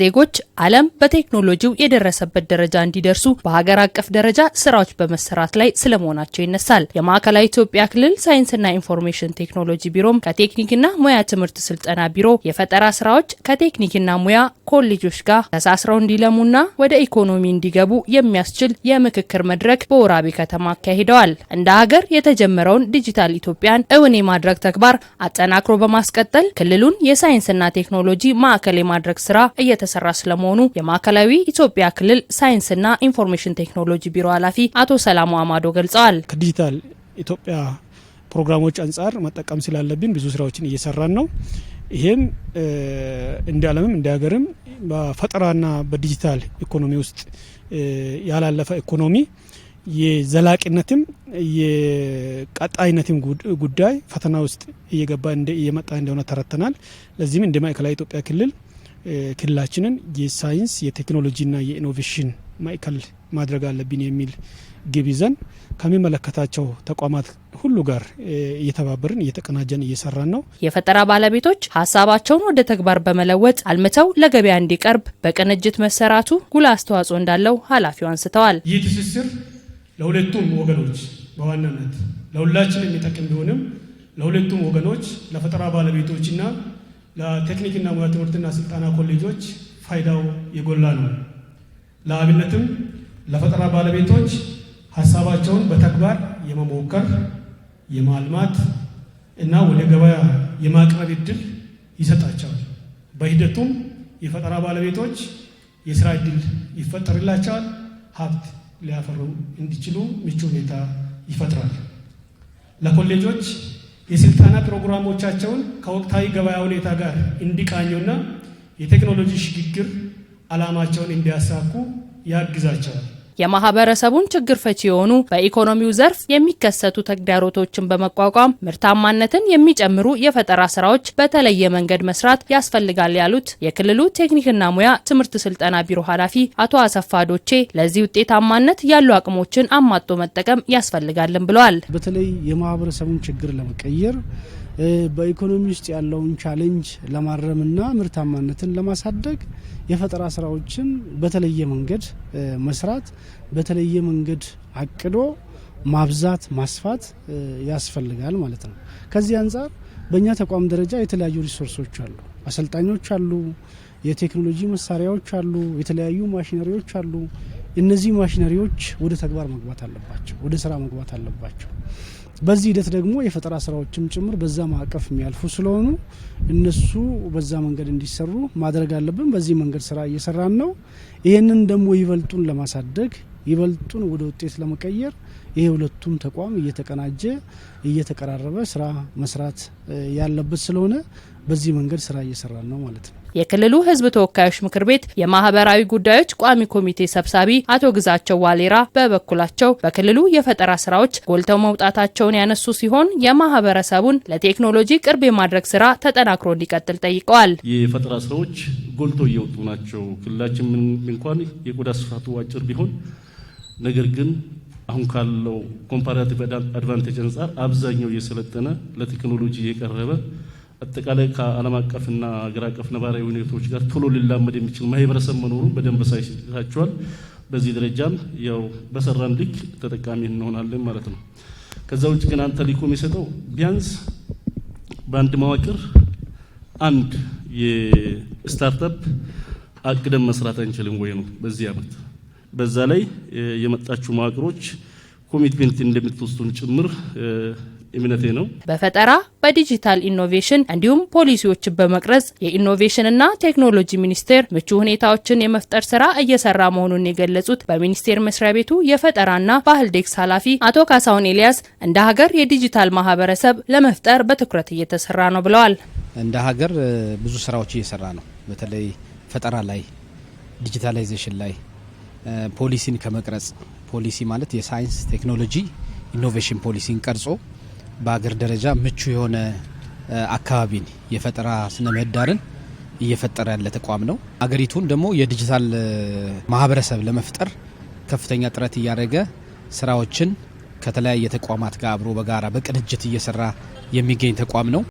ዜጎች ዓለም በቴክኖሎጂው የደረሰበት ደረጃ እንዲደርሱ በሀገር አቀፍ ደረጃ ስራዎች በመሰራት ላይ ስለመሆናቸው ይነሳል። የማዕከላዊ ኢትዮጵያ ክልል ሳይንስና ኢንፎርሜሽን ቴክኖሎጂ ቢሮም ከቴክኒክና ሙያ ትምህርት ስልጠና ቢሮ የፈጠራ ስራዎች ከቴክኒክና ሙያ ኮሌጆች ጋር ተሳስረው እንዲለሙና ወደ ኢኮኖሚ እንዲገቡ የሚያስችል የምክክር መድረክ በወራቤ ከተማ አካሂደዋል። እንደ ሀገር የተጀመረውን ዲጂታል ኢትዮጵያን እውን የማድረግ ተግባር አጠናክሮ በማስቀጠል ክልሉን የሳይንስና ቴክኖሎጂ ማዕከል የማድረግ ስራ እየተ እየተሰራ ስለመሆኑ የማዕከላዊ ኢትዮጵያ ክልል ሳይንስና ኢንፎርሜሽን ቴክኖሎጂ ቢሮ ኃላፊ አቶ ሰላሙ አማዶ ገልጸዋል። ከዲጂታል ኢትዮጵያ ፕሮግራሞች አንጻር መጠቀም ስላለብን ብዙ ስራዎችን እየሰራን ነው። ይህም እንደ ዓለምም እንደ ሀገርም በፈጠራና በዲጂታል ኢኮኖሚ ውስጥ ያላለፈ ኢኮኖሚ የዘላቂነትም የቀጣይነትም ጉዳይ ፈተና ውስጥ እየገባ እየመጣ እንደሆነ ተረድተናል። ለዚህም እንደ ማዕከላዊ ኢትዮጵያ ክልል ክልላችንን የሳይንስ የቴክኖሎጂና የኢኖቬሽን ማዕከል ማድረግ አለብን የሚል ግብ ይዘን ከሚመለከታቸው ተቋማት ሁሉ ጋር እየተባበርን እየተቀናጀን እየሰራን ነው። የፈጠራ ባለቤቶች ሀሳባቸውን ወደ ተግባር በመለወጥ አልምተው ለገበያ እንዲቀርብ በቅንጅት መሰራቱ ጉልህ አስተዋጽኦ እንዳለው ኃላፊው አንስተዋል። ይህ ትስስር ለሁለቱም ወገኖች በዋናነት ለሁላችን የሚጠቅም ቢሆንም ለሁለቱም ወገኖች ለፈጠራ ባለቤቶችና ለቴክኒክና ሙያ ትምህርትና ስልጠና ኮሌጆች ፋይዳው የጎላ ነው። ለአብነትም ለፈጠራ ባለቤቶች ሀሳባቸውን በተግባር የመሞከር የማልማት እና ወደ ገበያ የማቅረብ እድል ይሰጣቸዋል። በሂደቱም የፈጠራ ባለቤቶች የስራ እድል ይፈጠርላቸዋል። ሀብት ሊያፈሩ እንዲችሉ ምቹ ሁኔታ ይፈጥራል። ለኮሌጆች የስልጠና ፕሮግራሞቻቸውን ከወቅታዊ ገበያ ሁኔታ ጋር እንዲቃኙና የቴክኖሎጂ ሽግግር ዓላማቸውን እንዲያሳኩ ያግዛቸዋል። የማህበረሰቡን ችግር ፈቺ የሆኑ በኢኮኖሚው ዘርፍ የሚከሰቱ ተግዳሮቶችን በመቋቋም ምርታማነትን የሚጨምሩ የፈጠራ ስራዎች በተለየ መንገድ መስራት ያስፈልጋል ያሉት የክልሉ ቴክኒክና ሙያ ትምህርት ስልጠና ቢሮ ኃላፊ አቶ አሰፋ ዶቼ ለዚህ ውጤታማነት ያሉ አቅሞችን አማጦ መጠቀም ያስፈልጋልን ብለዋል። በተለይ የማህበረሰቡን ችግር ለመቀየር በኢኮኖሚ ውስጥ ያለውን ቻሌንጅ ለማረምና ምርታማነትን ለማሳደግ የፈጠራ ስራዎችን በተለየ መንገድ መስራት፣ በተለየ መንገድ አቅዶ ማብዛት፣ ማስፋት ያስፈልጋል ማለት ነው። ከዚህ አንጻር በእኛ ተቋም ደረጃ የተለያዩ ሪሶርሶች አሉ፣ አሰልጣኞች አሉ፣ የቴክኖሎጂ መሳሪያዎች አሉ፣ የተለያዩ ማሽነሪዎች አሉ። እነዚህ ማሽነሪዎች ወደ ተግባር መግባት አለባቸው፣ ወደ ስራ መግባት አለባቸው። በዚህ ሂደት ደግሞ የፈጠራ ስራዎችም ጭምር በዛ ማዕቀፍ የሚያልፉ ስለሆኑ እነሱ በዛ መንገድ እንዲሰሩ ማድረግ አለብን። በዚህ መንገድ ስራ እየሰራን ነው። ይህንን ደግሞ ይበልጡን ለማሳደግ ይበልጡን ወደ ውጤት ለመቀየር ይሄ ሁለቱም ተቋም እየተቀናጀ እየተቀራረበ ስራ መስራት ያለበት ስለሆነ በዚህ መንገድ ስራ እየሰራን ነው ማለት ነው። የክልሉ ህዝብ ተወካዮች ምክር ቤት የማህበራዊ ጉዳዮች ቋሚ ኮሚቴ ሰብሳቢ አቶ ግዛቸው ዋሌራ በበኩላቸው በክልሉ የፈጠራ ስራዎች ጎልተው መውጣታቸውን ያነሱ ሲሆን የማህበረሰቡን ለቴክኖሎጂ ቅርብ የማድረግ ስራ ተጠናክሮ እንዲቀጥል ጠይቀዋል። የፈጠራ ስራዎች ጎልተው እየወጡ ናቸው። ክልላችን እንኳን የቆዳ ስፋቱ አጭር ቢሆን ነገር ግን አሁን ካለው ኮምፓራቲቭ አድቫንቴጅ አንጻር አብዛኛው እየሰለጠነ ለቴክኖሎጂ የቀረበ አጠቃላይ ከዓለም አቀፍና አገር አቀፍ ነባራዊ ሁኔታዎች ጋር ቶሎ ሊላመድ የሚችል ማህበረሰብ መኖሩን በደንብ ሳይታችኋል። በዚህ ደረጃም ያው በሰራን ልክ ተጠቃሚ እንሆናለን ማለት ነው። ከዛ ውጭ ግን አንተ ሊኮም የሰጠው ቢያንስ በአንድ መዋቅር አንድ የስታርታፕ አቅደም መስራት አንችልም ወይ ነው በዚህ ዓመት። በዛ ላይ የመጣችሁ መዋቅሮች ኮሚትሜንት እንደምትወስዱን ጭምር እምነቴ ነው። በፈጠራ በዲጂታል ኢኖቬሽን እንዲሁም ፖሊሲዎችን በመቅረጽ የኢኖቬሽንና ቴክኖሎጂ ሚኒስቴር ምቹ ሁኔታዎችን የመፍጠር ስራ እየሰራ መሆኑን የገለጹት በሚኒስቴር መስሪያ ቤቱ የፈጠራና ባህል ዴክስ ኃላፊ አቶ ካሳሁን ኤልያስ እንደ ሀገር የዲጂታል ማህበረሰብ ለመፍጠር በትኩረት እየተሰራ ነው ብለዋል። እንደ ሀገር ብዙ ስራዎች እየሰራ ነው። በተለይ ፈጠራ ላይ፣ ዲጂታላይዜሽን ላይ፣ ፖሊሲን ከመቅረጽ ፖሊሲ ማለት የሳይንስ ቴክኖሎጂ ኢኖቬሽን ፖሊሲን ቀርጾ በሀገር ደረጃ ምቹ የሆነ አካባቢን የፈጠራ ስነ ምህዳርን እየፈጠረ ያለ ተቋም ነው። አገሪቱን ደግሞ የዲጂታል ማህበረሰብ ለመፍጠር ከፍተኛ ጥረት እያደረገ ስራዎችን ከተለያየ ተቋማት ጋር አብሮ በጋራ በቅንጅት እየሰራ የሚገኝ ተቋም ነው።